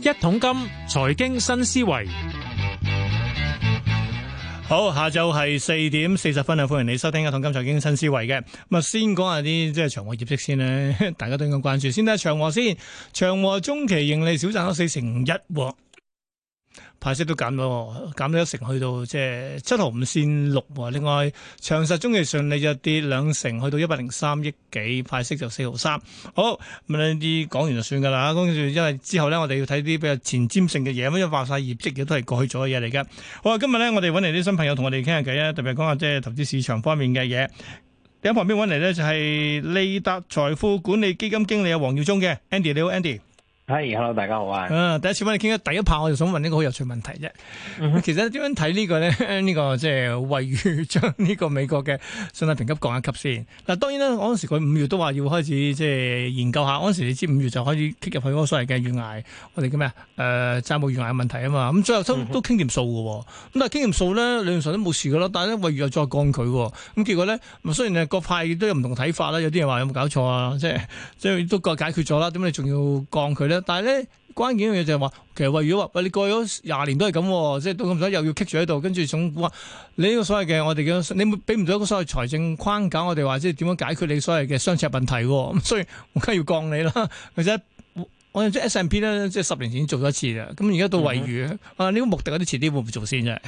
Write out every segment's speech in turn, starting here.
一桶金財經新思維，好，下晝係四點四十分啊！歡迎你收聽一桶金財經新思維嘅，咁啊，先講下啲即係長和業績先咧，大家都應該關注。先睇下長和先，長和中期盈利少賺咗四成一，哦。派息都減咗，減咗一成，去到即係七毫五線六。另外長實中期順利就跌兩成，去到一百零三億幾，派息就四毫三。好，咁呢啲講完就算噶啦。跟住，因為之後咧，我哋要睇啲比較前瞻性嘅嘢，因為發晒業績嘅都係過去咗嘅嘢嚟嘅。好啊，今日咧，我哋揾嚟啲新朋友同我哋傾下偈啊，特別講下即係投資市場方面嘅嘢。喺旁邊揾嚟咧就係利達財富管理基金經理啊，黃耀宗嘅 Andy，你好 Andy。hello 大家好啊！第一次搵你傾，第一 part 我就想問呢個好有趣問題啫。嗯、哼其實點樣睇呢、這個咧？呢個即係惠譽將呢個美國嘅信貸評級降一級先。嗱、啊，當然咧，嗰陣時佢五月都話要開始即係、就是、研究下。嗰陣時你知五月就開始跌入去嗰個所謂嘅懸崖，我哋叫咩？誒、呃，債務懸崖問題啊嘛。咁最後都、嗯、哼都傾掂數嘅，咁、哦、但係傾掂數咧，理論上都冇事嘅咯。但係咧，惠譽又再降佢、哦，咁結果咧，咁雖然各派都有唔同睇法啦，有啲人話有冇搞錯啊？即係即係都解決咗啦，點解你仲要降佢咧？但係咧，關鍵嘅嘢就係話，其實惠譽話你過咗廿年都係咁、啊，即係到咁多又要棘住喺度，跟住總股話你呢個所謂嘅我哋嘅，你冇俾唔到一個所謂財政框架，我哋話即係點樣解決你所謂嘅雙赤問題、啊，咁所以我梗係要降你啦。或者我諗即 S&P 咧，即係十年前做咗一次嘅。咁而家到惠譽、mm hmm. 啊，呢個目的嗰啲遲啲會唔會先做先啫？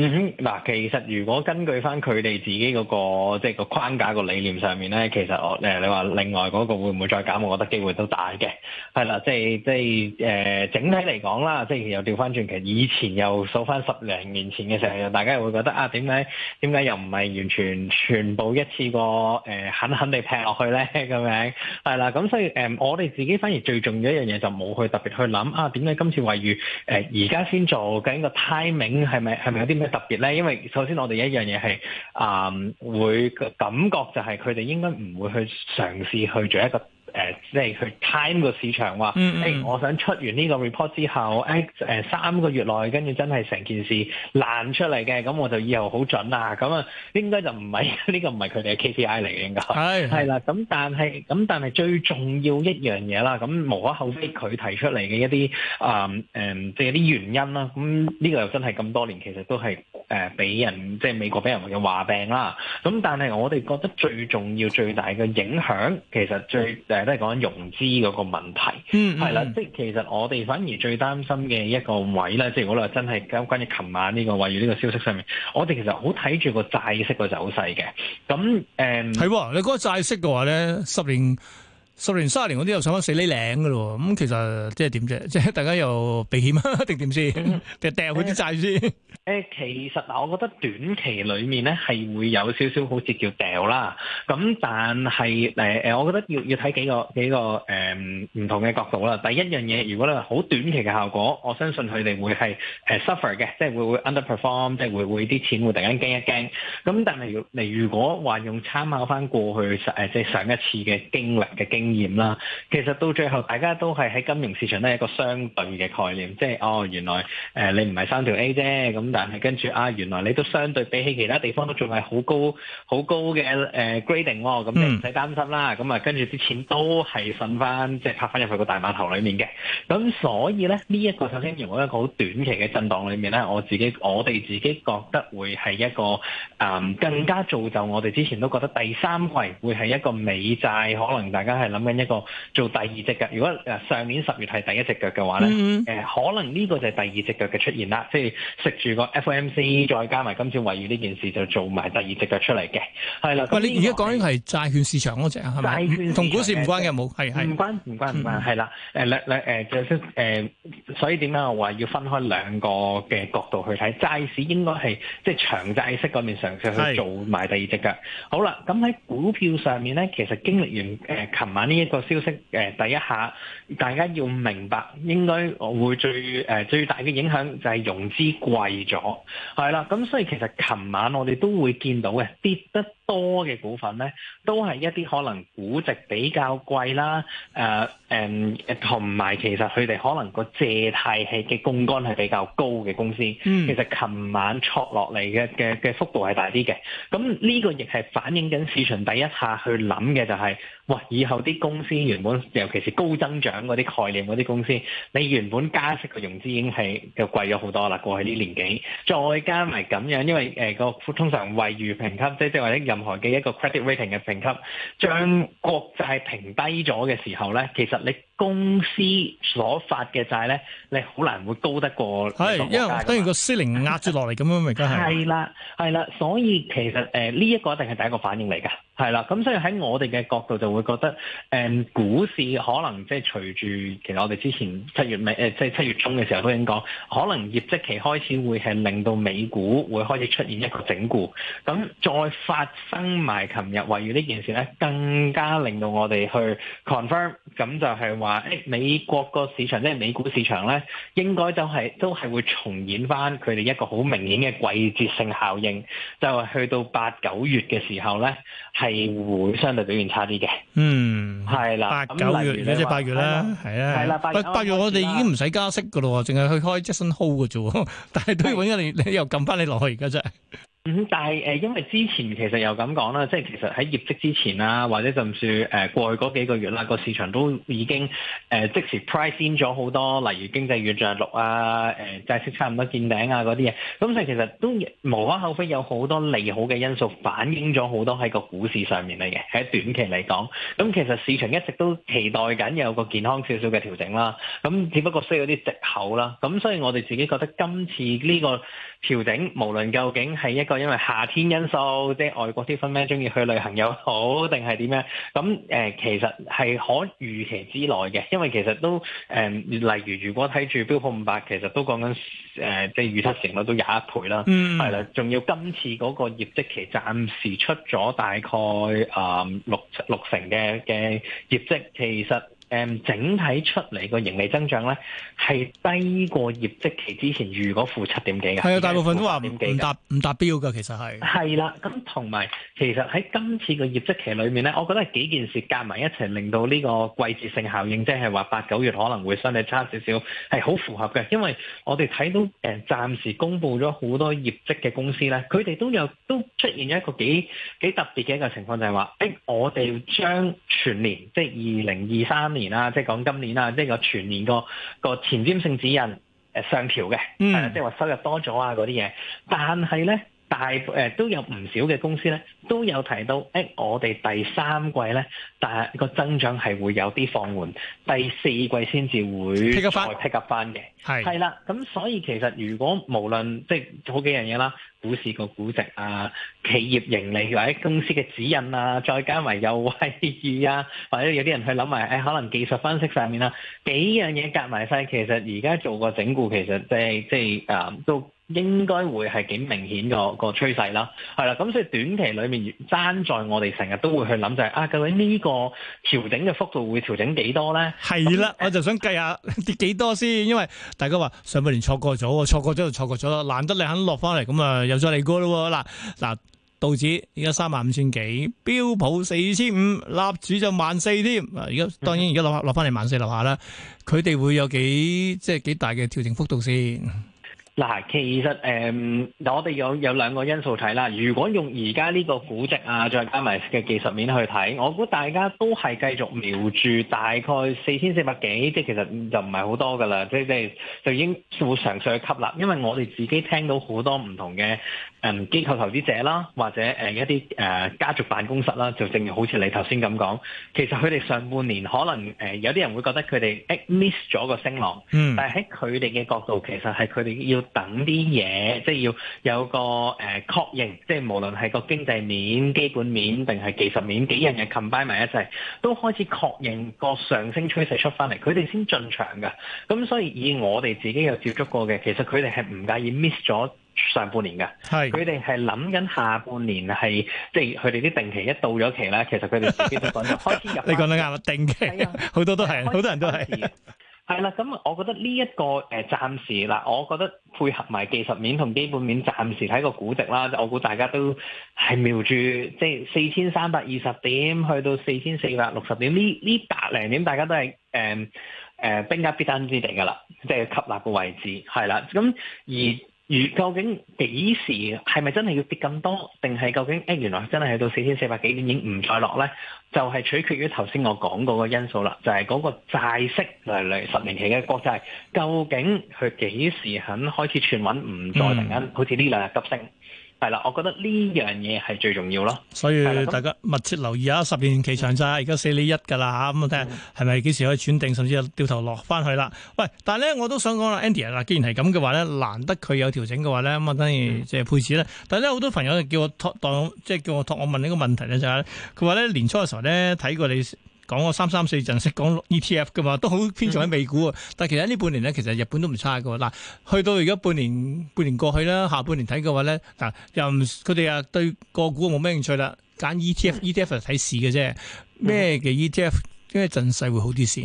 嗱、嗯，其實如果根據翻佢哋自己嗰、那個即係個框架個理念上面咧，其實我誒、呃、你話另外嗰個會唔會再減？我覺得機會都大嘅，係啦，即係即係誒整體嚟講啦，即係又調翻轉，其實以前又數翻十零年前嘅時候，大家又會覺得啊點解點解又唔係完全全部一次過誒、呃、狠狠地劈落去咧咁樣？係 啦，咁所以誒、呃、我哋自己反而最重要一樣嘢就冇去特別去諗啊點解今次位於誒而家先做緊個 timing 係咪係咪有啲咩？是特別咧，因為首先我哋一樣嘢係啊會感覺就係佢哋應該唔會去嘗試去做一個。誒、呃，即係佢 time 個市場話，誒、嗯嗯欸，我想出完呢個 report 之後，誒、欸、誒、呃、三個月內，跟住真係成件事爛出嚟嘅，咁我就以後好準啦、啊。咁、嗯、啊，應該就唔係呢個唔係佢哋嘅 KPI 嚟嘅，應該係係啦。咁但係，咁但係最重要一樣嘢啦，咁無可厚非佢提出嚟嘅一啲啊，誒、嗯，即係啲原因啦。咁呢個又真係咁多年其實都係誒俾人即係美國俾人嘅話柄啦。咁但係我哋覺得最重要、最大嘅影響，其實最，最 都係講緊融資個問題，嗯，係、嗯、啦，即係其實我哋反而最擔心嘅一個位咧，即係我哋真係關關於琴晚呢個關於呢個、呢個消息上面，我哋其實好睇住個債息個走勢嘅，咁誒，係你講個債息嘅、嗯、話咧，十年。十年、三十年，我啲又上翻四厘零噶咯，咁、嗯、其實即係點啫？即係大家又避險啊？定點先？定掉佢啲債先？誒，其實嗱，我覺得短期裏面咧係會有少少好似叫掉啦。咁但係誒誒，我覺得要要睇幾個幾個誒、呃、唔同嘅角度啦。第一樣嘢，如果咧好短期嘅效果，我相信佢哋會係誒、呃、suffer 嘅，即係會 underperform，即係會 underperform，即係會會啲錢會突然間驚一驚。咁但係你，你如果話用參考翻過去誒即係上一次嘅經歷嘅經歷。驗啦，其實到最後大家都係喺金融市場咧一個相對嘅概念，即係哦原來誒、呃、你唔係三條 A 啫，咁但係跟住啊原來你都相對比起其他地方都仲係好高好高嘅誒 grading 喎，咁、呃哦、你唔使擔心啦，咁、嗯、啊、嗯、跟住啲錢都係瞓翻，即係泊翻入去個大碼頭裡面嘅，咁所以咧呢一、這個首先如果一個好短期嘅震盪裡面咧，我自己我哋自己覺得會係一個誒、呃、更加造就我哋之前都覺得第三季會係一個美債可能大家係諗。咁樣一個做第二隻腳，如果誒上年十月係第一隻腳嘅話咧，誒、嗯呃、可能呢個就係第二隻腳嘅出現啦，即係食住個 FOMC 再加埋今次惠譽呢件事就做埋第二隻腳出嚟嘅，係啦。喂，你而家講緊係債券市場嗰隻係咪？債券同股市唔關嘅冇，係係唔關唔關唔關，係啦。誒咧咧誒，首所以點解我話要分開兩個嘅角度去睇債市，應該係即係長債息嗰邊嘗試去做埋第二隻腳。的好啦，咁喺股票上面咧，其實經歷完誒琴日。呢一個消息誒，第一下大家要明白，應該會最誒、呃、最大嘅影響就係融資貴咗，係啦，咁所以其實琴晚我哋都會見到嘅跌得多嘅股份呢都係一啲可能估值比較貴啦，誒誒同埋其實佢哋可能個借貸係嘅槓桿係比較高嘅公司。嗯、其實琴晚戳落嚟嘅嘅嘅幅度係大啲嘅。咁呢個亦係反映緊市場第一下去諗嘅就係、是，喂，以後啲公司原本尤其是高增長嗰啲概念嗰啲公司，你原本加息嘅融資已經係又貴咗好多啦。過去呢年幾再加埋咁樣，因為誒個、呃、通常惠譽評級，即係或者任。任何嘅一個 credit rating 嘅評級，將國債評低咗嘅時候咧，其實你。公司所發嘅債咧，你好難會高得過。係，因為等，當然個司寧壓住落嚟咁樣咪梗係。係啦， 係啦，所以其實誒呢一個一定係第一個反應嚟㗎，係啦，咁所以喺我哋嘅角度就會覺得誒、嗯、股市可能即係隨住其實我哋之前七月尾誒即係七月中嘅時候都已經講可能業績期開始會係令到美股會開始出現一個整固，咁再發生埋琴日圍繞呢件事咧，更加令到我哋去 confirm，咁就係話。啊！美國個市場即係美股市場咧，應該就係都係會重演翻佢哋一個好明顯嘅季節性效應，就係、是、去到八九月嘅時候咧，係會相對表現差啲嘅。嗯，係啦的，八九月，月，或者、啊、八月啦，係啊，係啦，八八月我哋已經唔使加息噶啦，淨係去開 Jackson Hole 嘅啫，但係都要揾一年，嗯、 又你又撳翻你落去而家啫。嗯，但係誒、呃，因為之前其實又咁講啦，即係其實喺業績之前啦，或者甚至誒過去嗰幾個月啦，個市場都已經誒、呃、即時 price in 咗好多，例如經濟預象錄啊、誒、呃、債息差唔多見頂啊嗰啲嘢，咁所以其實都無可厚非有好多利好嘅因素反映咗好多喺個股市上面嚟嘅，喺短期嚟講。咁其實市場一直都期待緊有個健康少少嘅調整啦，咁只不過需要啲藉口啦。咁所以我哋自己覺得今次呢個調整，無論究竟係一就因為夏天因素，即係外國啲分析中意去旅行又好，定係點樣？咁誒、呃，其實係可預期之內嘅，因為其實都誒、呃，例如如果睇住標普五百，其實都講緊誒，即係預測成率都廿一倍啦，係啦、mm.，仲要今次嗰個業績期暫時出咗大概誒六六成嘅嘅業績，其實。誒，整體出嚟個盈利增長咧，係低過業績期之前預果負七點幾嘅。係啊，大部分都話唔達唔達標㗎，其實係。係啦，咁同埋其實喺今次個業績期裏面咧，我覺得係幾件事夾埋一齊，令到呢個季節性效應，即係話八九月可能會相對差少少，係好符合嘅。因為我哋睇到誒，暫時公布咗好多業績嘅公司咧，佢哋都有都出現咗一個幾幾特別嘅一個情況，就係話，誒，我哋將全年即係二零二三年，年啦，嗯、即係講今年啦，即係個全年個個前瞻性指引誒上調嘅，誒即係話收入多咗啊嗰啲嘢，但係咧，但係、呃、都有唔少嘅公司咧都有提到，誒、哎、我哋第三季咧，但係個增長係會有啲放緩，第四季先至會 pick up 返，pick up 返嘅係係啦，咁所以其實如果無論即係好幾樣嘢啦。股市個估值啊，企業盈利或者公司嘅指引啊，再加埋有惠譽啊，或者有啲人去諗埋誒，可能技術分析上面啦、啊，幾樣嘢夾埋晒。其實而家做個整固，其實即係即係誒都。應該會係幾明顯個、那個趨勢啦，係啦，咁所以短期裏面爭在我哋成日都會去諗就係、是、啊，究竟呢個調整嘅幅度會調整幾多咧？係啦的，嗯、我就想計下跌幾 多先，因為大家話上半年錯過咗，錯過咗就錯過咗咯，難得你肯落翻嚟，咁啊又再嚟過咯嗱嗱，道指而家三萬五千幾，標普四千五，納指就萬四添，而家、嗯、當然而家落落翻嚟萬四樓下啦，佢哋會有幾即係幾大嘅調整幅度先？嗱，其實誒、嗯，我哋有有兩個因素睇啦。如果用而家呢個估值啊，再加埋嘅技術面去睇，我估大家都係繼續瞄住大概四千四百幾，即係其實就唔係好多噶啦，即係即係就已經會嘗試去吸納。因為我哋自己聽到好多唔同嘅。誒機構投資者啦，或者誒一啲誒家族辦公室啦，就正如好似你頭先咁講，其實佢哋上半年可能誒有啲人會覺得佢哋誒 miss 咗個升浪，嗯，但係喺佢哋嘅角度，其實係佢哋要等啲嘢，即係要有個誒確認，即係無論係個經濟面、基本面定係技術面幾樣嘢 combine 埋一齊，都開始確認個上升趨勢出翻嚟，佢哋先進場㗎。咁所以以我哋自己有接觸過嘅，其實佢哋係唔介意 miss 咗。上半年嘅，佢哋係諗緊下半年係，即係佢哋啲定期一到咗期咧，其實佢哋自己都講咗開始入。 你講得啱，定期好、啊、多都係好多人都係。係啦，咁我覺得呢一個誒暫時嗱，我覺得配合埋技術面同基本面，暫時係一個估值啦，我估大家都係瞄住即係四千三百二十點去到四千四百六十點呢呢百零點，大家都係誒誒兵家必爭之地噶啦，即係吸納嘅位置係啦，咁而、嗯。如究竟幾時係咪真係要跌咁多，定係究竟誒、哎、原來真係去到四千四百幾已經唔再落咧？就係、是、取決於頭先我講嗰個因素啦，就係、是、嗰個債息嚟嚟十年期嘅國債，究竟佢幾時肯開始轉穩，唔再突然間好似呢兩日急升。係啦，我覺得呢樣嘢係最重要咯。所以大家密切留意下，十年期長債而家四厘一㗎啦吓，咁啊睇下係咪幾時可以轉定，甚至係掉頭落翻去啦。喂，但係咧我都想講啦，Andy 啊，既然係咁嘅話咧，難得佢有調整嘅話咧，咁啊當然即係配置咧。但係咧好多朋友就叫我託當，即係叫我託我，我問呢個問題咧就係，佢話咧年初嘅時候咧睇過你。講個三三四陣識講 ETF 㗎嘛，都好偏重喺美股啊。嗯、但係其實呢半年咧，其實日本都唔差㗎。嗱，去到而家半年，半年過去啦，下半年睇嘅話咧，嗱又唔佢哋啊對個股冇咩興趣啦，揀 ETF，ETF 係睇市嘅啫。咩嘅 ETF，因為陣勢會好啲先？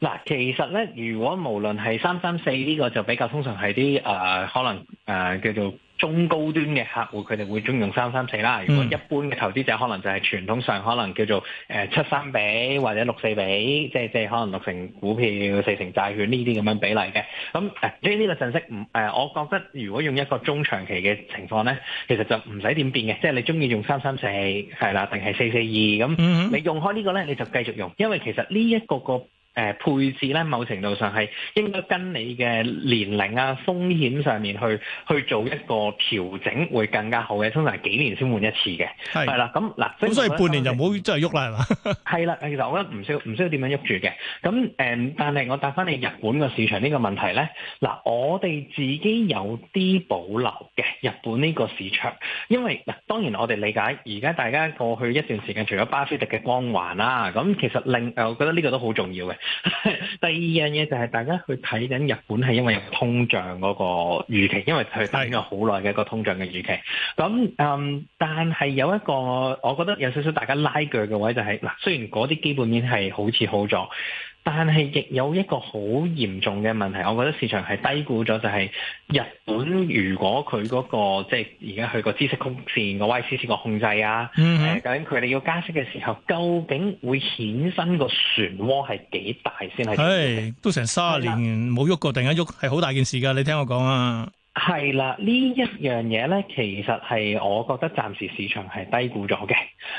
嗱、嗯，嗯、其實咧，如果無論係三三四呢個，就比較通常係啲誒可能誒、呃、叫做。中高端嘅客戶，佢哋會中意用三三四啦。如果一般嘅投資者，可能就係傳統上可能叫做誒七三比或者六四比，即係即係可能六成股票、四成債券呢啲咁樣比例嘅。咁誒、呃，所以呢個信息唔誒，我覺得如果用一個中長期嘅情況咧，其實就唔使點變嘅，即係你中意用三三四係啦，定係四四二咁，你用開個呢個咧，你就繼續用，因為其實呢一個個。個誒、呃、配置咧，某程度上係應該跟你嘅年齡啊、風險上面去去做一個調整，會更加好嘅。通常係幾年先換一次嘅，係啦的。咁嗱的，咁所以半年就唔好真係喐啦，係、嗯、嘛？係啦、啊啊，其實我覺得唔、 啊、需要唔需要點樣喐住嘅。咁、嗯、誒，但係我答翻你日本個市場呢個問題咧，嗱、啊，我哋自己有啲保留嘅日本呢個市場，因為嗱、啊，當然我哋理解而家大家過去一段時間，除咗巴菲特嘅光環啦，咁、啊、其實另誒，我覺得呢個都好重要嘅。 第二樣嘢就係大家去睇緊日本係因為有通脹嗰個預期，因為佢等咗好耐嘅一個通脹嘅預期。咁嗯，但係有一個我覺得有少少大家拉鋸嘅位就係、是、嗱，雖然嗰啲基本面係好似好咗。但係亦有一個好嚴重嘅問題，我覺得市場係低估咗，就係、是、日本如果佢嗰、那個即係而家去個知識曲線個 YCC 個控制啊，究竟佢哋要加息嘅時候，究竟會衍生個漩渦係幾大先係？都成三十年冇喐過，突然間喐係好大件事㗎，你聽我講啊！係啦，呢一樣嘢呢，其實係我覺得暫時市場係低估咗嘅，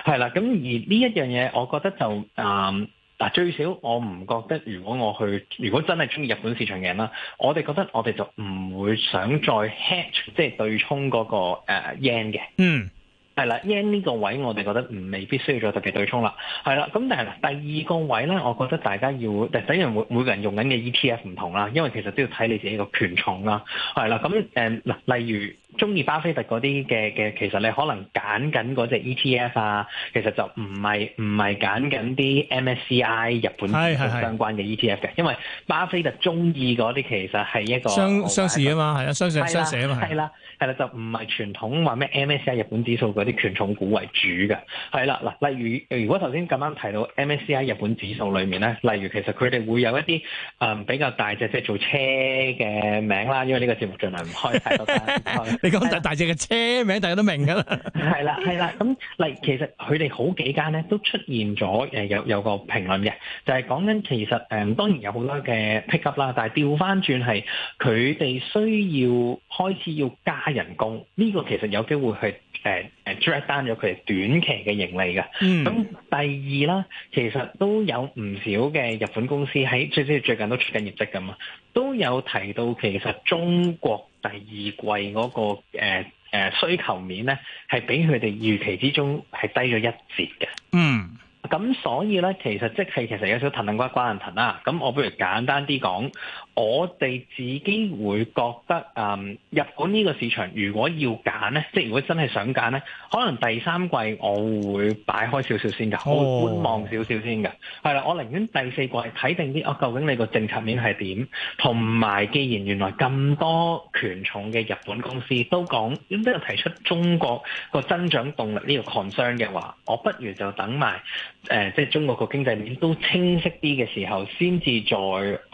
係啦，咁而呢一樣嘢，我覺得就誒。嗯嗱，最少我唔覺得，如果我去，如果真係中意日本市場嘅人啦，我哋覺得我哋就唔會想再 hedge 即係對沖嗰、嗰個、uh, yen 嘅。嗯、mm.，係啦，yen 呢個位我哋覺得唔未必需要再特別對沖啦。係啦，咁但係啦，第二個位咧，我覺得大家要，但係等人每每個人用緊嘅 ETF 唔同啦，因為其實都要睇你自己個權重啦。係啦，咁誒嗱，例如。中意巴菲特嗰啲嘅嘅，其實你可能揀緊嗰隻 ETF 啊，其實就唔係唔係揀緊啲 MSCI 日本相關嘅 ETF 嘅， 因為巴菲特中意嗰啲其實係一個相相似啊嘛，係啊啦，相似相似啊嘛，係啦，係啦，啦啦就唔係傳統話咩 MSCI 日本指數嗰啲權重股為主嘅，係 啦，嗱，例如如果頭先咁啱提到 MSCI 日本指數裏面咧，例如其實佢哋會有一啲誒、嗯、比較大隻即係做車嘅名啦，因為呢個節目盡量唔開太多單。 你講大大隻嘅車名，大家都明噶啦。係啦，係啦。咁嗱，其實佢哋好幾間咧都出現咗誒，有有個評論嘅，就係講緊其實誒、嗯，當然有好多嘅 pickup 啦，但係調翻轉係佢哋需要開始要加人工，呢、呢個其實有機會去，誒、呃、誒 drag down 咗佢哋短期嘅盈利嘅。咁、嗯、第二啦，其實都有唔少嘅日本公司喺最至少最近都出緊業績噶嘛，都有提到其實中國。第二季嗰、那個誒誒、呃呃、需求面咧，係比佢哋預期之中係低咗一截嘅。嗯，咁所以咧，其實即係其實有少騰騰，瓜瓜騰騰啦。咁我不如簡單啲講。我哋自己會覺得誒、嗯，日本呢個市場如果要揀咧，即係如果真係想揀咧，可能第三季我會擺開少少先噶，我觀望少少先噶係啦，我寧願、oh. 第四季睇定啲，哦、啊、究竟你個政策面係點，同埋，既然原來咁多權重嘅日本公司都講講，都提出中國個增長動力呢個 concern 嘅話，我不如就等埋誒、呃、即係中國個經濟面都清晰啲嘅時候，先至再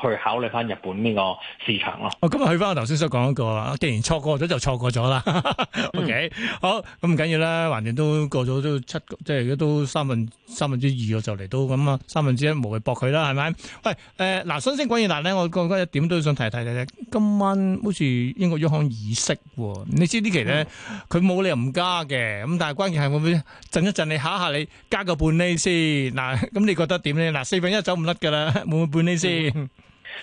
去考慮翻日本。呢、哦、個市場咯。我今日去翻我頭先所講嗰個啦。既然錯過咗就錯過咗啦。嗯、o、okay, K，好，咁唔緊要啦。環掂都過咗都七，即係都三分三分之二我就嚟到咁啊，三分之一無謂搏佢啦，係咪？喂，誒、呃、嗱，新鮮滾熱辣呢，我覺得一點都想提提提提。今晚好似英國央行議息喎，你知呢期呢，佢冇理由唔加嘅。咁但係關鍵係會唔會震一震你嚇嚇你加個半厘先。嗱，咁你覺得點呢？嗱，四分一走唔甩㗎啦，會唔會半厘先？嗯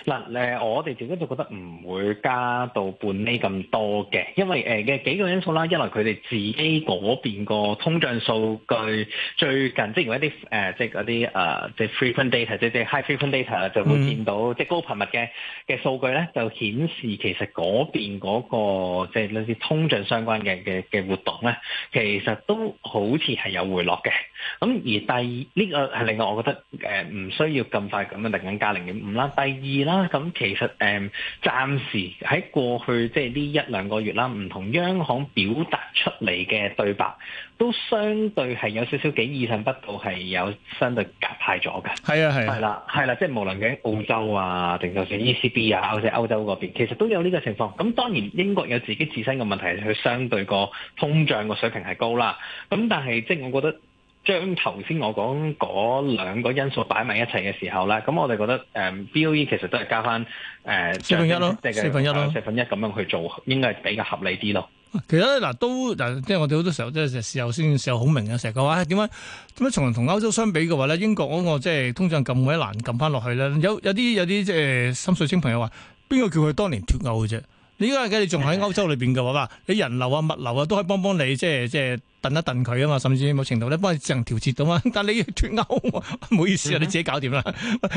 嗱，誒、嗯，我哋自己就覺得唔會加到半厘咁多嘅，因為誒嘅幾個因素啦，一來佢哋自己嗰邊個通脹數據最近，即係如果一啲誒，即係嗰啲誒，即係 frequent Data，即係 high frequent Data 就會見到，即係高頻密嘅嘅數據咧，就顯示其實嗰邊嗰個即係類似通脹相關嘅嘅嘅活動咧，其實都好似係有回落嘅。咁而第二呢個係另外，我覺得誒唔需要咁快咁樣突然加零點五啦。第二啦咁，其實誒，暫時喺過去即係呢一兩個月啦，唔同央行表達出嚟嘅對白，都相對係有少少幾意想不到，係有相對鴿派咗嘅。係啊，係啊，係啦，係啦，即係無論喺澳洲啊，定就算 ECB 啊，或者歐洲嗰邊，其實都有呢個情況。咁當然英國有自己自身嘅問題，佢相對個通脹個水平係高啦。咁但係即係我覺得。將頭先我講嗰兩個因素擺埋一齊嘅時候咧，咁我哋覺得，誒，B O E 其實都係加翻，誒、呃，四分一咯是，四分一，四分一咁樣去做，應該係比較合理啲咯。其實嗱，都，即係我哋好多時候即係事後先事後好明嘅，成日講話點解點解從人同歐洲相比嘅話咧，英國嗰個即係通脹咁鬼難撳翻落去咧，有有啲有啲即係深水清朋友話，邊個叫佢當年脫歐嘅啫？你應該佢哋仲喺歐洲裏邊噶，係嘛？你人流啊、物流啊，都可以幫幫你，即係即係扽一扽佢啊嘛。甚至某程度咧，幫佢自行調節到嘛。但係你脱歐啊，唔好意思啊，你自己搞掂啦。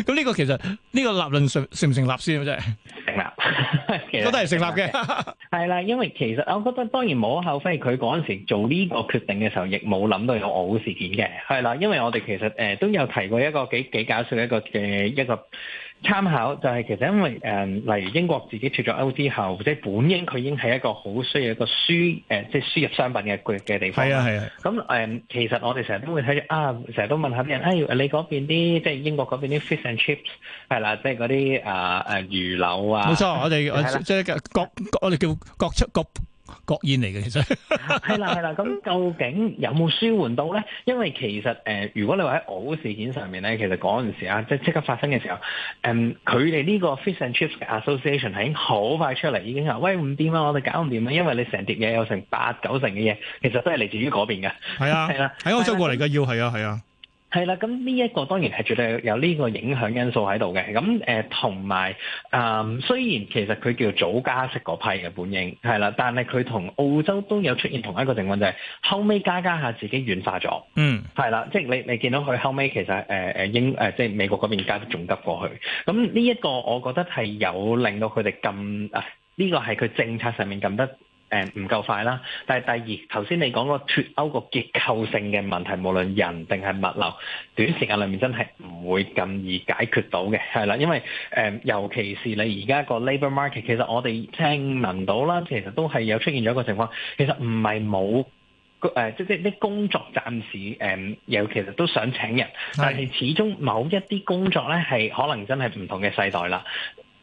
咁呢個其實呢個立論成成唔成立先啊？真係成立，都係成立嘅。係啦，因為其實我覺得當然無可厚非，佢嗰陣時做呢個決定嘅時候，亦冇諗到有俄烏事件嘅。係啦，因為我哋其實誒都有提過一個幾幾搞笑一個嘅一個。參考就係其實因為誒、呃，例如英國自己脫咗歐之後，即係本應佢已經係一個好需要一個輸誒、呃，即係輸入商品嘅嘅地方啦。係啊係啊。咁誒、呃，其實我哋成日都會睇啊，成日都問下啲人，誒、哎、你嗰邊啲即係英國嗰邊啲 fish and chips 係啦，即係嗰啲啊誒魚柳啊。冇錯，我哋的即係國我哋叫國出國。各各國宴嚟嘅，其實係啦係啦。咁究竟有冇舒緩到咧？因為其實誒、呃，如果你話喺俄烏事件上面咧，其實嗰陣時啊，即係即刻發生嘅時候，嗯，佢哋呢個 Fish and Chips Association 係已經好快出嚟，已經話，喂，唔掂啦，我哋搞唔掂啊，因為你成碟嘢有成八九成嘅嘢，其實都係嚟自於嗰邊嘅。係啊，係啊 的，喺歐洲過嚟㗎要係啊，係啊。音 fas cia 係啦，咁呢一個當然係絕對有呢個影響因素喺度嘅。咁誒同埋啊，雖然其實佢叫做早加息嗰批嘅本應係啦，但係佢同澳洲都有出現同一個情況，就係、是、後尾加加下自己軟化咗。嗯，係啦，即係你你見到佢後尾其實誒誒、呃、英誒、呃、即係美國嗰邊加得仲得過去。咁呢一個我覺得係有令到佢哋咁啊，呢、這個係佢政策上面咁得。誒唔、嗯、夠快啦，但係第二，頭先你講個脫歐個結構性嘅問題，無論人定係物流，短時間裏面真係唔會咁易解決到嘅，係啦，因為誒、嗯、尤其是你而家個 labour market，其實我哋聽聞到啦，其實都係有出現咗一個情況，其實唔係冇誒，即係即係啲工作暫時誒有，嗯、其實都想請人，的但係始終某一啲工作咧係可能真係唔同嘅世代啦。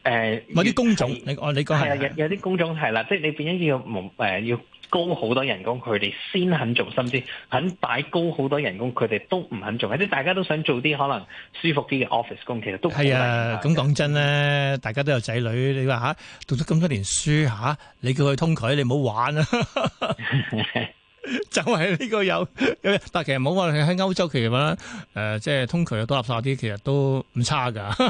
誒，呃、是有啲工種，哦、你你講係，有有啲工種係啦，即係你變咗要誒、呃，要高好多人工，佢哋先肯做，甚至肯擺高好多人工，佢哋都唔肯做，即係大家都想做啲可能舒服啲嘅 office 工，其實都係啊。咁講、哎、真咧，嗯、大家都有仔女，你話吓讀咗咁多年書吓、啊，你叫佢通佢，你唔好玩啊！ 就係呢個有，但係其實冇話喺歐洲，其實咧誒，即係通渠又多垃圾啲，其實都唔差噶 好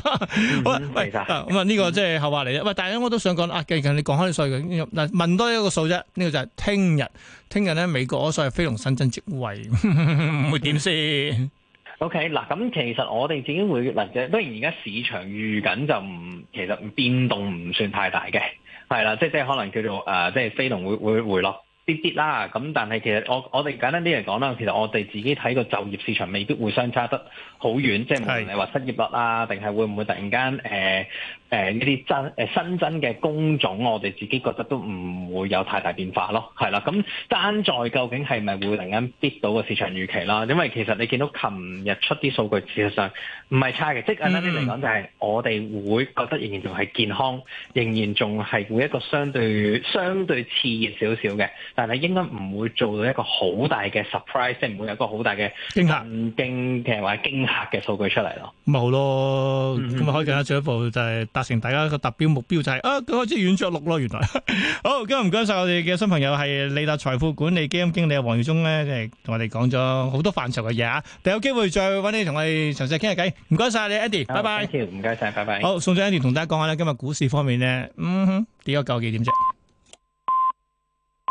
吧、嗯。喂，咁啊、嗯，呢、嗯這個即係後話嚟啫。喂，但係我都想講啊，最近你講開啲稅嘅，嗱，問多一個數啫。呢個就係聽日，聽日咧，美國所謂非農新增職位 會點先樣 ？OK，嗱，咁其實我哋自己會嗱，當然而家市場預緊就唔，其實唔變動唔算太大嘅，係啦，即係即係可能叫做誒，即係非農會會回落。啲啲啦，咁但係其實我我哋簡單啲嚟講啦，其實我哋自己睇個就業市場未必會相差得好遠，即係無論你話失業率啊，定係會唔會突然間誒。呃誒呢啲增誒新增嘅工種，我哋自己覺得都唔會有太大變化咯，係啦。咁爭在究竟係咪會突然間逼到個市場預期啦？因為其實你見到琴日出啲數據，事實上唔係差嘅。即係簡單啲嚟講，就係我哋會覺得仍然仲係健康，仍然仲係會一個相對相對熾熱少少嘅。但係應該唔會做到一個好大嘅 surprise，即係唔會有個好大嘅驚嚇、驚嘅或者驚嚇嘅數據出嚟咯。冇咯、嗯，咁啊可以更加進一步就係。 達成大家一個達標目標就係啊，佢開始軟着陸咯，原來好，今日唔該晒我哋嘅新朋友係利達財富管理基金經理黃耀宗咧，即係同我哋講咗好多範疇嘅嘢啊，第日有機會再揾你同我哋詳細傾下偈，唔該晒你，Andy，拜拜，唔該晒，拜拜。好，送咗 Andy 同大家講下咧，今日股市方面咧，嗯哼，點啊，究竟點啫？